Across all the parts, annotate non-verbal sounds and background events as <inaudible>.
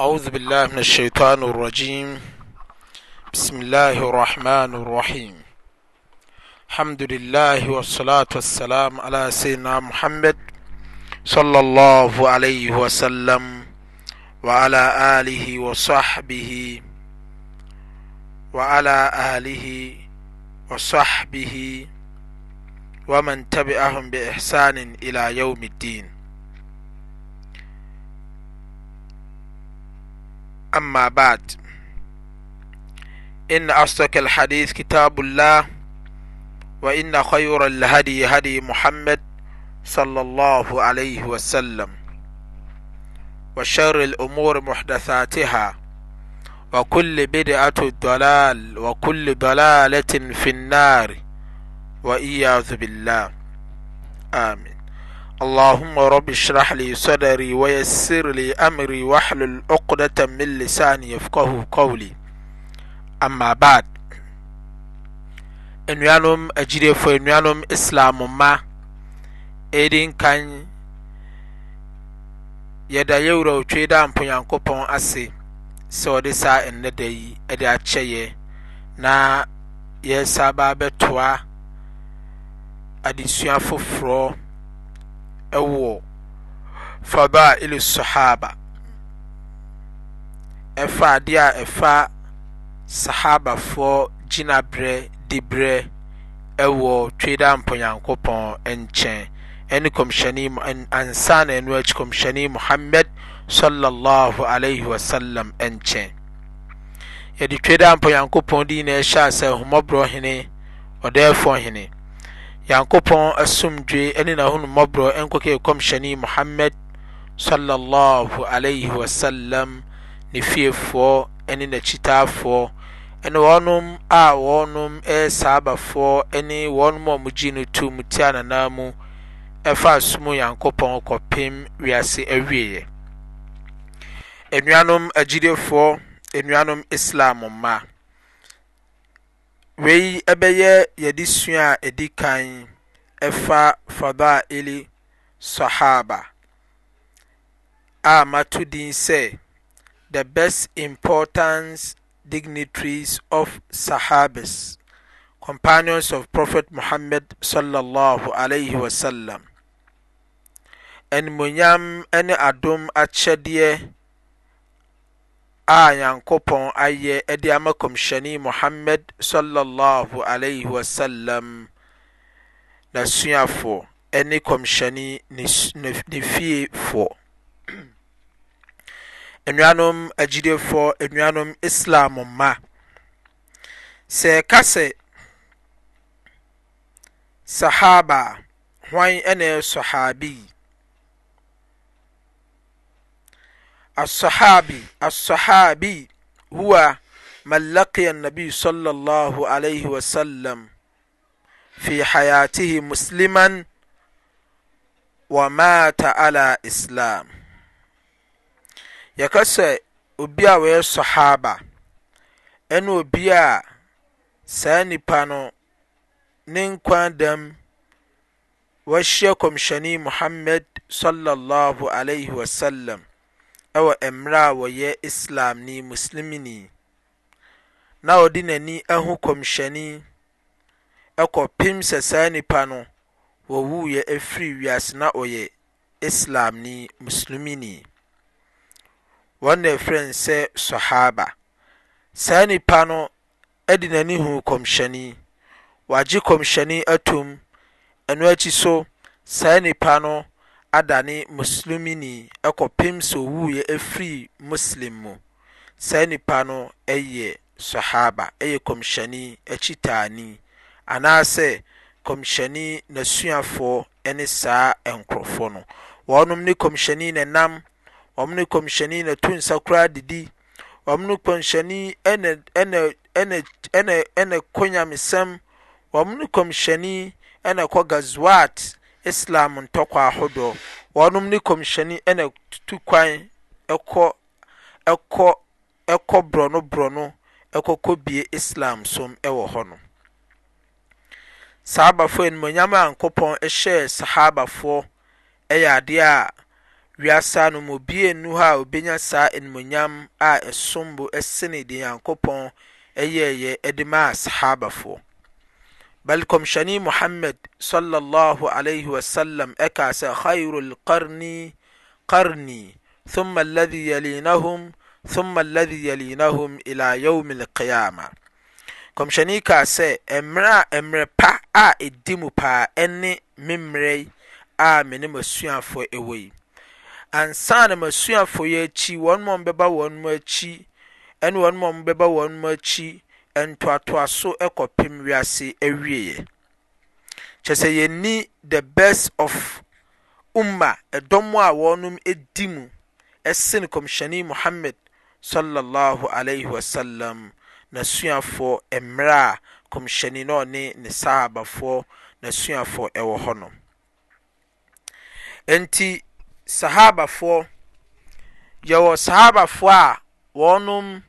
أعوذ بالله من الشيطان الرجيم بسم الله الرحمن الرحيم الحمد لله والصلاة والسلام على سيدنا محمد صلى الله عليه وسلم وعلى آله وصحبه وعلى آله وصحبه ومن تبعهم بإحسان إلى يوم الدين أما بعد إن أصدق الحديث كتاب الله وإن خير الهدي هدي محمد صلى الله عليه وسلم وشر الأمور محدثاتها وكل بدعة ضلال وكل ضلالة في النار وإياذ بالله آمين allhumma rɔbe shrah li sɔdari wysir li amri wahloloqdatan min lisane yfkahu kauli amabaad anuanom agidefo anuanom islam ma di nkan yɛda yɛwurɛ otwei da mpo nyankopɔn ase sɛ wɔde saa ɛnnɛda yi de akyɛyɛ na yɛr sabaa bɛtoa adesua foforɔ ɛwɔ fadail sahaba ɛfa adeɛ a ɛfa sahabafoɔ gyinaberɛ diberɛ ɛwɔ tweda mpɔnyankopɔn nkyɛn ɛne kɔmhyɛne ansa na ɛno akyi kɔmhyɛne muhammad sallallahu alaihi wasallam nkyɛn yɛde tweda mpɔnyankopɔn din na ɛhyɛ a sɛ ahomɔborɔ hene ɔdɛɛfoɔ hene nyankopɔn asomdwe ne nahonumɔborɔ nkɔkɔɛ kɔmhyɛnei mohamad slal aaih wasalam ne fiefoɔ ne n'akyitaafoɔ ɛne wɔɔnom a wɔnom ɛɛ saabafoɔ ɛne wɔɔnom ɔ mugyi no tu mu ti ananaa mu ɛfa somu nyankopɔn kɔpem wiase awieɛ anuanom agyidiefoɔ anuanom islam mma wei ɛbɛyɛ yɛdesuaa ɛdi kan ɛfa fadhaili sahaba amato din sɛ the best importance dignitaries of sahabers companions of profet mohammed slllh wasallam anmonyam ne adom akyɛdeɛ a nyankopɔn ayɛ de ama kɔmhyɛne muhammad sallallahu alaihi wasallam n'asuafoɔ ne kɔmhyɛne ne fiefoɔ nnuanom <clears throat> agyidefoɔ nnuanom islam mma sɛ ɛka sɛ sahaba hwan ɛna sahabi الصحابي الصحابي هو من لقي النبي صلى الله عليه وسلم في حياته مسلما ومات على إسلام يكسى أبيا ويا الصحابة أن أبيا ساني بانو نين دم وشيكم شني محمد صلى الله عليه وسلم ɛwɔ ɛmmerɛ a wɔyɛ islam ni muslemini na ɔde n'ani ahu kɔmhyɛne ɛkɔpem sɛ saa nnipa no wɔwueɛ afiri wiase na ɔyɛ islamni muslemini ɔ nɛ frɛn sɛ sɔhaba saa nnipa no de n'ani huu kɔmhyɛne wagye kɔmhyɛne atom ɛno akyi so saa nnipa no adane muslemini ɛkɔ pem sɛ owu yɛ firi muslem mu saa nnipa no ɛyɛ sahaba ɛyɛ komhyani i akyitaani anaasɛ komhyani i n'asuafoɔ ne saa ɛnkurɔfɔ no wɔnom ne komhyani i ne nam ɔm no komhyani i nato nsa koraa didi ɔm no komhyani i nɛ kɔ nyamesɛm ɔm no komhyani na kɔ gaswat islam ntɔkwa ahodoɔ wɔnom ne kɔmhyɛni na tutu kwan kɔ kɔ kɔ borɔno borɔno ɛkɔkɔ bie islam som ɛwɔ hɔ no saabafoɔ animonyam a nkɔpɔn ɛhyɛɛ sahabafoɔ yɛ adeɛ a wiasa no mu bie nu hɔ a obenya saa animonyam a ɛsom bo ɛsene de nyankopɔn ɛyɛɛyɛ ɛde maa sahabafoɔ بل شني محمد صلى الله عليه وسلم أكاس خير القرن قرني ثم الذي يلينهم ثم الذي يلينهم إلى يوم القيامة كم شني كاس أمرا أمرا با آ إدمو با أني ممري آ من مسيا فوئي أنسان مسيا فوئي وان مم ببا وان مم أن وان مم ببا وان مم ɛntoatoaso kɔpem wiase awieiɛ nkyeɛrɛ sɛ yɛni the best of uma ɛdɔmɔ a wɔnom di mu sene kɔmhyani mohammad swaslm nasuafoɔ ɛmmerɛ a kɔmhyɛnii na ɔne ne sahabafoɔ nasuafoɔ ɛwɔ hɔ no nti sahabafoɔ yɛwɔ sahabafoɔ a ɔnom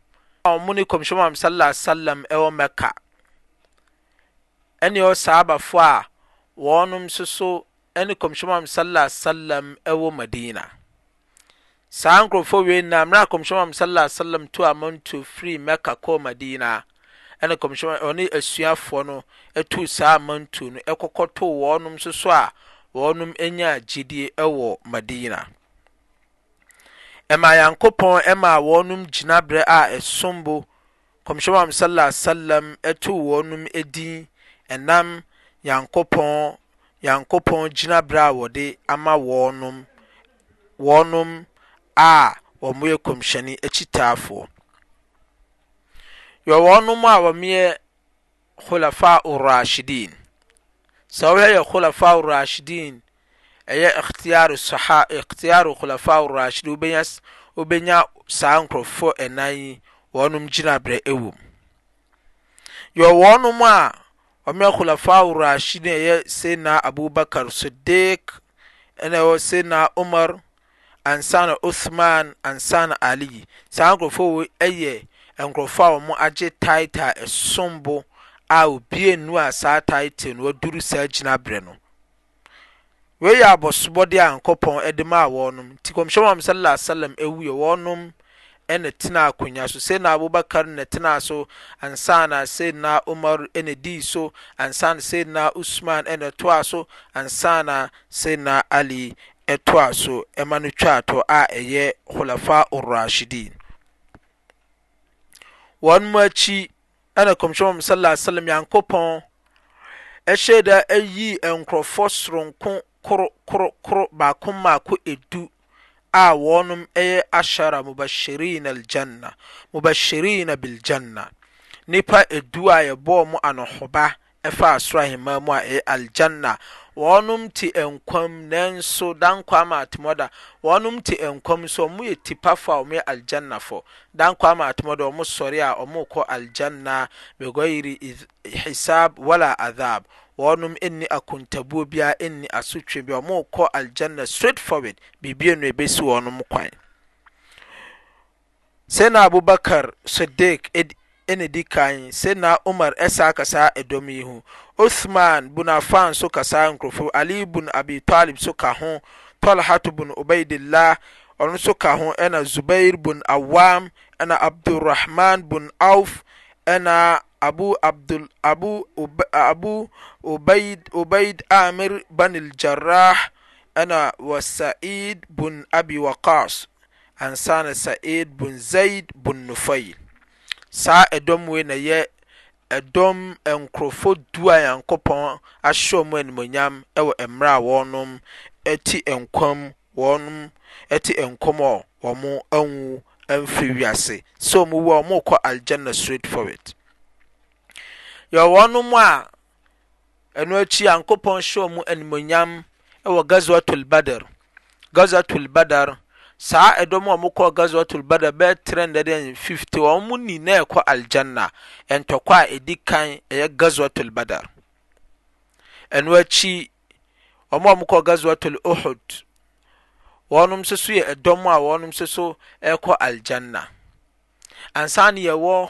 a wɔmo ne kɔmhwomam sala salam ɛwɔ mɛca ɛne ɛwɔ saabafoɔ a wɔɔ nom nsoso ɛne kɔmhwomam sala salam ɛwɔ madina saa nkurɔfoɔ wei nnamere a kɔmhwomam saa salam to amantuo frii mɛcca ko madinaa ɛnek ɔne asuafoɔ no tuu saa a manto no ɛkɔkɔ too wɔɔ nom so so a wɔɔ nom anya a gyidie ɛwɔ madina ɛma nyankopɔn ɛma wɔ nom gyinaberɛ a ɛsombo kɔmhyɛ n am sala salam to wɔ nom din ɛnam ankopɔnnyankopɔn gyinaberɛ a wɔde ama wɔ nom a wɔmoyɛ kɔmhyɛne akyitaafoɔ yɔ wɔ no a wɔmeyɛ holafa orrashidin sɛ woyɛ yɛ hulafaa orrashidin ɛyɛ ihtiar hulafa orashid wobɛnya saa nkurɔfo ɛnayi ɔnom gyinaberɛ wom ywwɔnom a ɔmeɛ hulafa orashid n yɛ sena abubakar sodik n sena omar ansan othman ansan ali saa nkurɔfoɔ wyɛ nkurɔfo a wɔm agye titaa sombo a obi nu a saa te ta noaduru saa gyinaberɛ no ɛyɛ absobɔde ayankopɔnde ma a wɔnom nti komsyɛ saslm we wɔnom ne tena koua so sna abobakar ntena so ansana saa omar ndi so ansa sna usman n toa so ansana saena ali toa so ma no twaatɔ a ɛyɛ holafa orrashidin nm ki na kyɛm yankopɔ hyɛda yi nkorɔfɔ soronko oobakommaako du a wɔnom yɛ ashara mobairina aljana mobahiriina biljanna nipa du a yɛbɔɔ mo anɔhoba fa soro ahinma mu a ɛ aljanna wɔ nom t nkam nnso dank amatmda ɔnm t nkam so m yɛ tipafo a ɔmyɛ aljanna fo dankɔ amaatomda ɔmo sɔre a ɔmokɔ aljannaa begyri hisab wala adzab nni akontabuini asotmkaljana stritfod bibin bsi wnm kanaabobakar sdik nkaa mar sa kasa admyh thman bn afan sokasa nkrf ali bn abitalib ka that bn obaidilahan zobair bn awam n abdrahman bn of abu abdul abu abu ubaid ubaid amir al jarrah Ana wa sa'id bin abi waqas ansana sa'id bin zaid bin nufail Sa ɛdɔm wei na ye ɛdɔm nkurɔfo du a yankopɔn ahyɛ wɔn animonyam emra wonum a wɔnom ɛte nkɔm wɔnom ɛte nkɔm a wɔn anwu ɛmfiri wiase sɛ wɔn wu a wɔn kɔ aljanna straight forward yw nm a ɛno akyi ankopɔn hyɛw mu animnyam wɔ gaswat lbader gswat lbadar saa ɛdɔm mgtbder t50 m nina ɛkɔ aljanna ntkɔ a ɛdi kan yɛ gaswat lbader ɛnoakimmk gaswat lohod wɔ nom soso yɛ ɛdɔm a wɔnom sso kɔ aljanna ansane yw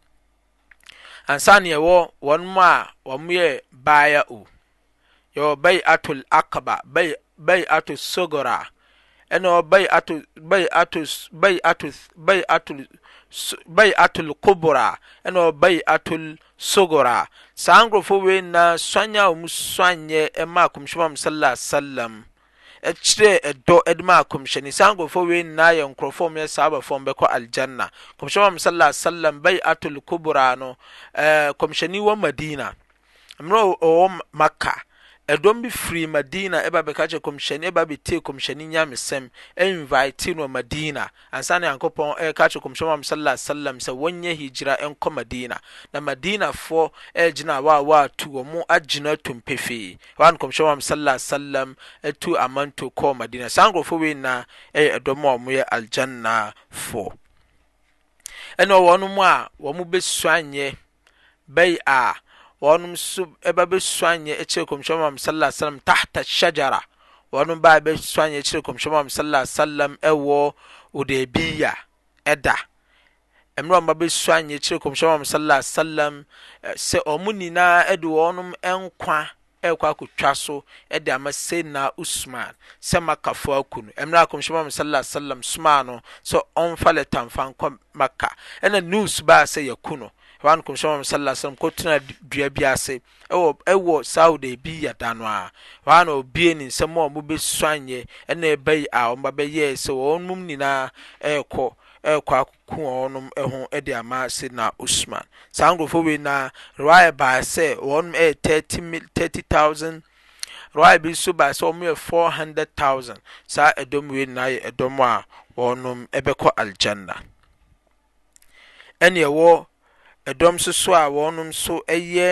ansa ne ɛwɔ wɔn mu a wɔn yɛ baaya o yɛwɔ bayi ato akaba bayi bayi ato sogora ɛna bayi ato bayi ato bayi ato bayi ato bayi ato kobora ɛna bayi ato sogora saa nkurɔfoɔ wei na swanya a wɔn swanyɛ ɛma akɔmhyɛm sallallahu alaihi ɛkyerɛ ɛdɔ de ma akɔmhyɛni saa nkurɔfoɔ wei nyinaa yɛ nkurɔfoɔ mu yɛ saaba fam bɛkɔ aljanna kɔmhyɛni mam sala salam bai atul kubra no kɔmhyɛni wɔ madina mmerɛ ɔwɔ makka ɛdɔm b firi madina bakak kmyne babɛtee kɔmyɛne nyamesɛm invite n ɔ madina ansane nyankpɔn ɛka k kɔmsyɛam sm sɛ wɔyɛ higira nkɔ madina na madinafɔ ɛgyinaa wwt ɔm agyina to mpefe n kɔmsyɛam ssm tu amanto kɔ madina saa nkrɔfɔ weinayɛ ɛdɔmmyɛ aljannafɛn wɔ nomu a ɔm bɛsuayɛ ɛsay krɛ s tata shagara nsakɛ wɔ odabia da meɛsay kɛsɛ omo nyina d ɔnom nkwa kɔkɔtwaso d ama sena osman sɛ makafo kme smans ɔfatamfankananes basɛ yakun hɔ an kɔmhyɛ wɔn sallah sallam kɔtena dua bi ase ɛwɔ ɛwɔ dị ebi yɛ no a wa an obie ne nsɛm a wɔn bɛsɔ yɛ ɛna ɛbɛyi a wɔn bɛyɛ sɛ wɔn mu nyinaa ɛɛkɔ ɛɛkɔ akoko wɔn ho ɛde ama na usman saa nkurɔfoɔ wei na rewaya baa sɛ wɔn ɛyɛ thirty mil thirty thousand bi nso baa sɛ wɔn yɛ four hundred thousand saa ɛdɔm wei na yɛ ɛdɔm a wɔn ɛbɛkɔ aljanna ɛna ɛwɔ ɛdɔm nso a wɔn nso yɛ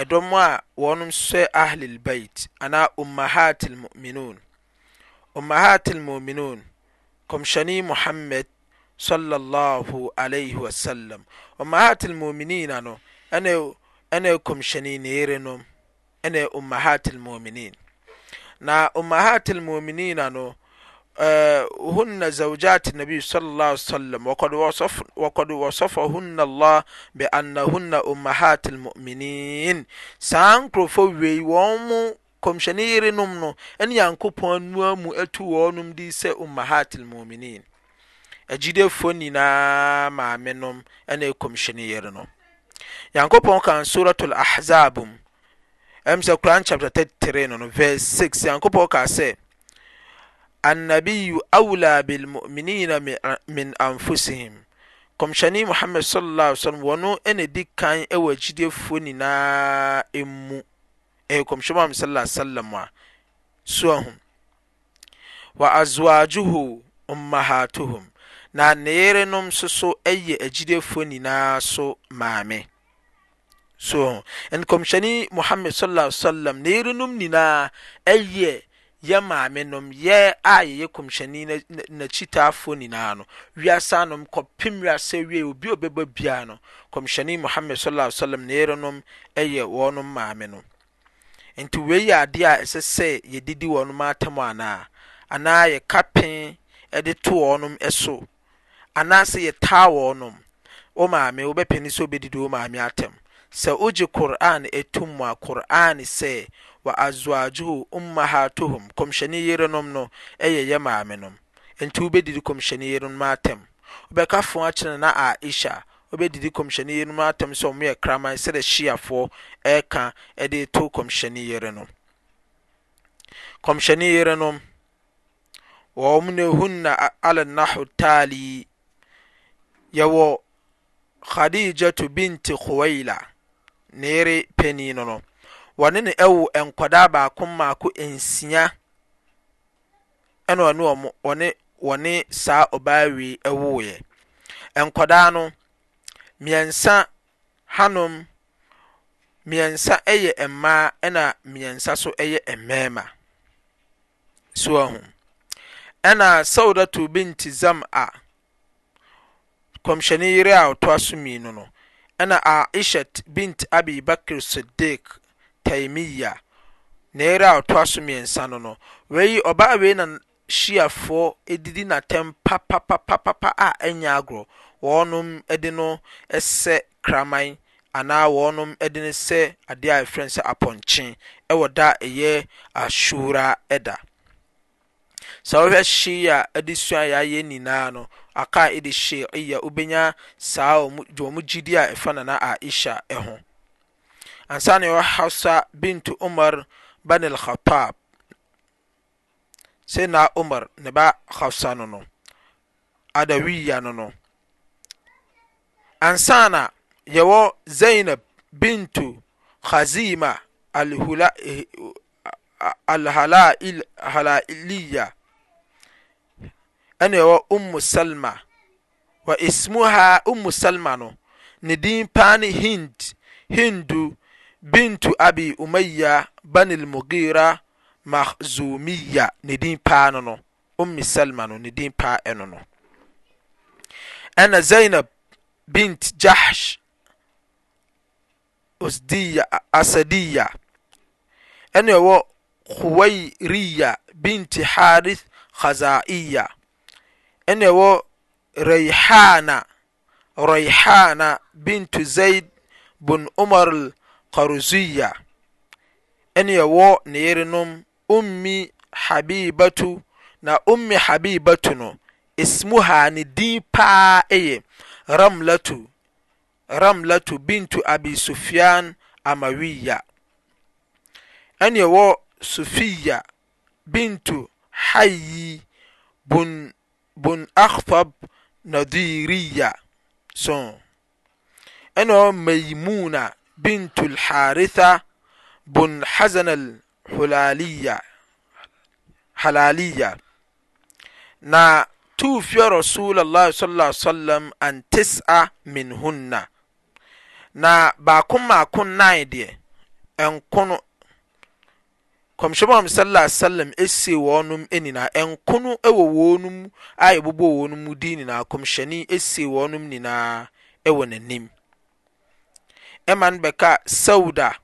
ɛdɔm a wɔn nso yɛ ahlil bait anaa ummahatil mu'minun ummahatil mu'minun kɔmhyɛni muhammed sallallahu alayhi wa sallam ummahatil mu'minin no ɛna ɛna kɔmhyɛni ne yere nom ɛna ummahatil mu'minin na ummahatil mu'minin no Eh, hunna zaujat nabi ssm wakod wasafahuna lah beanahuna ommahat almuminin saa nkurɔfɔ wei wɔmu komhyɛne yerinom no ne nyankopɔn anuamu atu wɔnom d sɛ omahat almominin agyidef nyinaa maamenom nekomyɛne yere no yankopɔkasura laza kaa33ɔ annabiyu awla belmuminina min anfusehem kmynemuhamd n ndi kan w gyidef nyinaa mu wm s wa aswauho omahathm na neernom sso yɛ agyidef nyinaa so maammdm y maame nom ya yɛyɛ kɔmsyɛne nakyitaafɔɔ nyinaa no wiasa nom kɔpem wasɛ wiebi obɛba bia no kɔmsyɛne muhamad sasalm n yɛrnom yɛ wɔno maame no ntiwi yiadeɛ a ɛsɛ sɛ yɛdidi wɔnom atam anaa anaa yɛka pe de to ɔ nom so anaasɛ yɛta wɔ nom maame woɛpɛni sɛobɛdidi mame tm sɛ wogye qur'an ɛtum mu a qur'an sɛ wa azwajuhu ummahatuhum kɔmhyɛne yerenom no ɛyɛ yɛ maamenom nti wobɛdidi kɔmhyɛne yerenom atam wobɛka fo akyerɛ na aisha wobɛdidi kɔmhyɛne yerenom atam sɛ ɔmo yɛ kraman sɛdɛ hyiafoɔ ɛɛka ɛde to kɔmhyɛne yerenom kɔmhyɛne yerenom wɔn ne hunna ala nahu taali yɛwɔ khadijatu binti khuwaila neere panyin no no wɔne ne ɛwo nkwadaa baako mako nsia ɛna ɔne wɔn wɔne wɔne saa ɔbaa wei ɛwoeɛ nkwadaa no mmiɛnsa hanom mmiɛnsa ɛyɛ mmaa ɛna mmiɛnsa so ɛyɛ mmarima so ɛho ɛna sawdatu binti zam a kɔmhyɛni yere a ɔtoa so mmienu no ɛna aishat bint abi bakr siddiq taimiyya na ɛrɛ a ɔtɔ aso mmiɛnsa no no wei ɔbaa wei na hyiafoɔ didi n'atɛm papapapapa a ɛnya agorɔ wɔnom ɛde no ɛsɛ kraman anaa wɔnom ɛde no sɛ adeɛ a yɛfrɛ sɛ apɔnkye Ɛwɔ da a ɛyɛ ashura da sɛ wohwɛ hyia de sua ayɛ nyinaa no aqaid shiia wobɛnya saa wɔn gyidi a ɛfa nana aisha ho ansa na ɛwɔ hafsa bint umar banil khatab. khattab na umar ne ba hafsa no no adawiya no no ansa na yɛwɔ zainab bintu khazima al ilia. ɛna ɛwɔ ummu salma wa ismuha ummu salma no ne din paa ne hind hindu bintu abi umayya banil mugira mahzumiya ne din paa no no ummu salma no ne din paa ɛno no ɛna zainab bint jahsh usdiya asadiya ɛna ɛwɔ khuwairiya binti harith khaza'iya nwihana zaid bn mar arzia ummi habibato ismuha paa amlat bnt abi sufian amawia fia y bun akhfab nadiriya so ɛna maimuna bintul haritha bun hazan al-hulaliya halaliya na tufiya rasulallah sallallahu alaihi wasallam an tis'a min hunna na baako mmaako nan deɛ nkono sa sewn nina kn wn andinia n sinnina wnni maka sda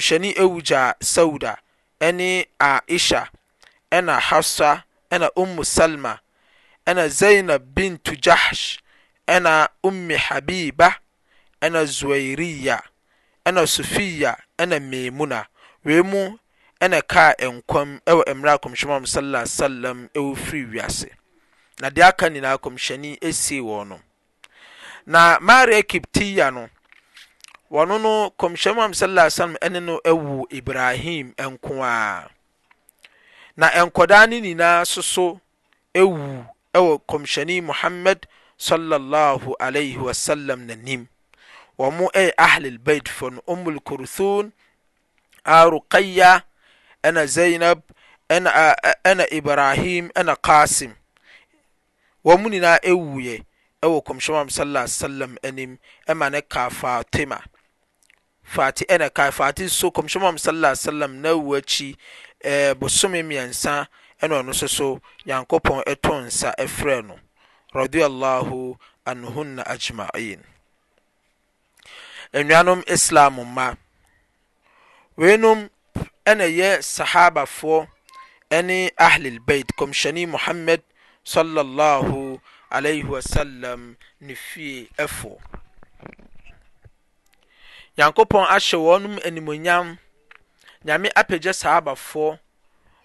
sn wua sada ni aisha na hasa na m salma na zainab bint jahsh na omi habiba na ziria na sufiya na memuna wemu ɛne kar nkam wɔ mmerɛa cɔmsyɛma sm wɔ fri wiase na de aka nyinaa cɔmsyani sie wɔ no na marɛ kiptia no ɔno no cɔmsyɛnmu amsm ɛne no ɛwu ibrahim nko a na ɛnkɔdaa ne nyinaa soso wu wɔ cɔmhyɛnii muhamed wsm nanim ɔ mu yɛ ahlelbat fo no umm lcurthon rokaya ɛna zeinab ɛna ibrahim na kasem wɔmu nyinaa ɛwu ɛwɔ komsmam sam nim ma ne kafatema nate komsmam sm nawuaki some mmiɛnsa ɛnaɔno soso nyankopɔn tonsa frɛ no ri anh ajmain weinom ɛna yɛ sahabafoɔ ɛne ahlil bait kɔmhyɛne muhammad sallallahu alaihi wasallam ne fie ɛfoɔ nyankopɔn ahyɛ wɔnom animonyam nyame apagya sahabafoɔ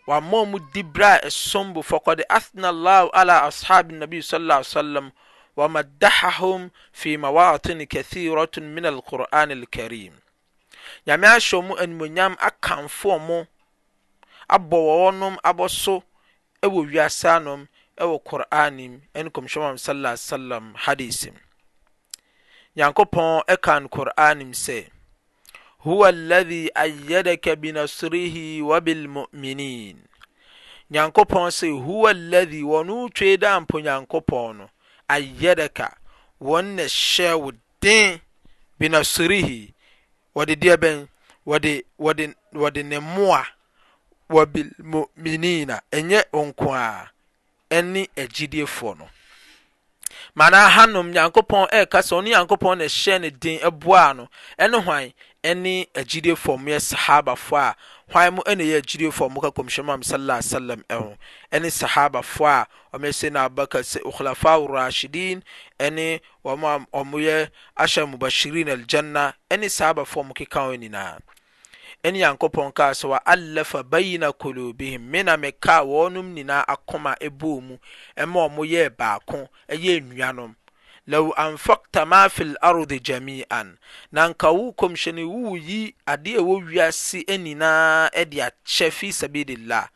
wammɔ mu di berɛ a ɛsom bo fɔkɔde athna allahu ala ashabi nabi sallallahu alaihi wasallam ومدحهم في مواطن كثيرة من القرآن الكريم nyame ahyɛ mu animonyam akamfo ɔmo abɔ nom abɔso ɛwɔ wiase anom ɛwɔ kor'anim ɛne kɔmhyɛn mu sallallahu alaihi wasallam hadisim nyankopɔn ɛka no kor'anim sɛ huwa alladhi ayyadaka binasrihi wa bilmu'minin nyankopɔn sɛ huwa alladhi wɔno twe da mpo nyankopɔn no ayyadaka wɔn na hyɛ wo den binasrihi wɔde deɛ bɛn dwɔde ne mmoa wɔbilmomenin a ɛnyɛ ɔnko a ɛne agyidiefoɔ no Mana hanom nyankopɔn ɛreka sɛ ɔne nyankopɔn na ɛhyɛ ne den ɛboa no ɛne hwan ɛne agyidiefoɔ mo yɛ sahabafoɔ a hwan mo ɛna ɛyɛ agyidiefoɔ mo ka kɔmhyɛn mu sallallahu alaihi wasallam ɛho ɛne sahabafoɔ a wɔn ɛsɛ na abaka sɛ ɔkulafa rashidin ɛne wɔn a wɔn yɛ ahyɛ mubashirin aljanna ɛne sahabafoɔ mo keka wɔn nyinaa ɛne nyankopɔn karsɛ wa alafa baina kolubihim me na meka wɔnom nyinaa akoma ɛbo mu ma mo yɛɛ baako yɛɛ nuanom low anfakta ma fi lardi jami'an nanka wo komhyɛno woe yi adeɛwɔ wiasi aninaa de akyɛ fi sabililah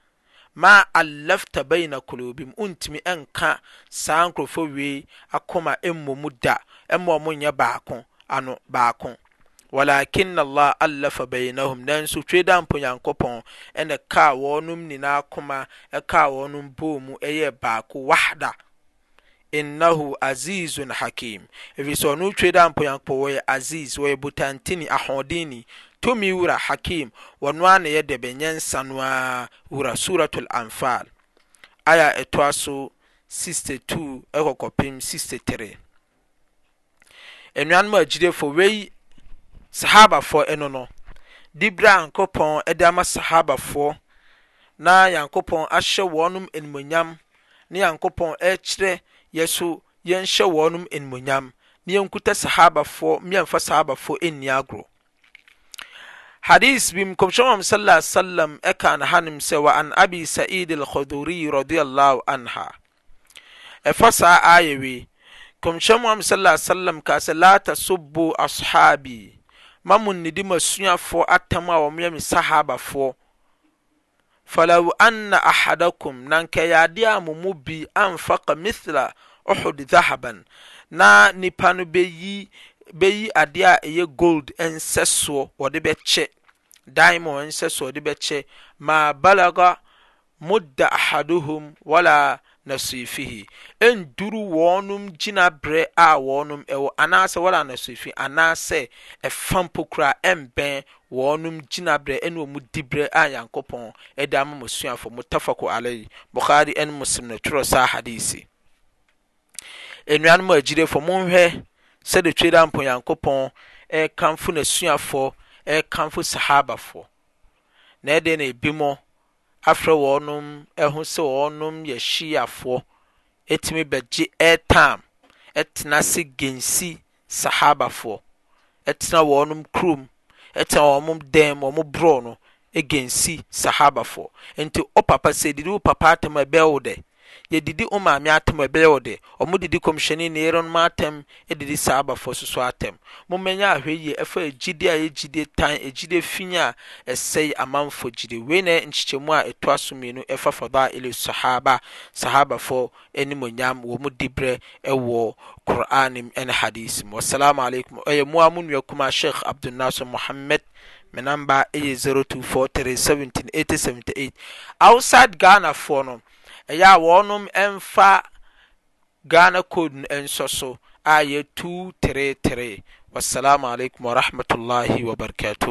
ma alafta baina kolubihim wontimi nka saa nkurɔfa wei akoma mmo mu da ma mo nya baakoano baako walakina llah alafa baina hum nanso twre dampo nyankopɔn ne kar wɔ nom nyinaa koma ka wɔnom bo mu yɛ baako wahda innaho asizun hakim firi sɛ ɔno twre daampo nyankopɔn wɔyɛ asize wɔyɛ botanteni ahodeni tumi wura hakem wɔno anayɛdɛ bɛnyɛ nsa no aa wura surat alanfal23 sahabafoɔ ɛno no di bere a yankopɔn ɛde ama sahabafoɔ na nyankopɔn ahyɛ wɔɔnom anmunyam ne nyankopɔn kyerɛ yɛ so yɛnhyɛ wɔnom animunyam na yɛnkuta sahabafoɔ miamfa sahabafoɔ nni gorɔ hadis bim kɔmyɛmam ssam ka nhanem sɛ wɔ an abi said alkhodoriyi radl ana ɛfa saa aywei kɔmyɛ mamssmasɛlasbsbi ma mo nnidi m'asuafoɔ atam a wɔyɛ me sahabafoɔ falau anna ahadakum na nkɛyɛ adeɛ a mo mu bi amfaka mithla uhud zahaban na nipa no bɛyi bɛyi adeɛ a ɛyɛ gold nsɛsoɔ wɔde bɛkyɛ diamond nsɛsoɔ wɔde bɛkyɛ ma balaga mudda ahaduhum wala nasuifihi ɛnduru wɔnom gyinaberɛ a wɔnom ɛwɔ anaasɛ wɔla nasuifi anaasɛ ɛfa mpo koraa ɛmbɛn wɔnom gyinaberɛ ɛne wɔn diberɛ a nyankopɔn ɛde ama mo suafo mutafako alayi bukhari ɛne muslim na twerɛ saa hadisi nnuanom a agyirefo monhwɛ sɛde twe da mpo nyankopɔn ɛɛkamfo nasuafoɔ ɛɛkamfo sahabafoɔ na ɛde na ebi mo afrɛ wɔnom ho sɛ wɔnom yɛ hyiafoɔ ɛtumi bɛgye airtime ɛtena se gensi sahabafoɔ ɛtena wɔnom kurom ɛtena wɔn dan mu wɔn borɔ no ɛgensi sahabafoɔ nti ɔpapa sɛ didi wo papa atam ɛbɛɛ wo yɛdidi oma me atem bɛode omu didi commisonne ernom atem ɛdidi saabafo susu atem momenyaaheyi f jidiadidi tan ɛjidi finya sei amafodjide wene ncicemua ɛtoasomenu ɛfa fadhaili sahaba sahabafo nimonyam womudibere wo quranim ne hadicem wasalam leikum ymoa mu nkoma shek abdunaser muhamed menama 024317878 ouside ghana fon ɛyɛ wɔnom mfa ghana kod nsɔ so ayɛ 2 tt wasalam alikm warahmat lah wabarakath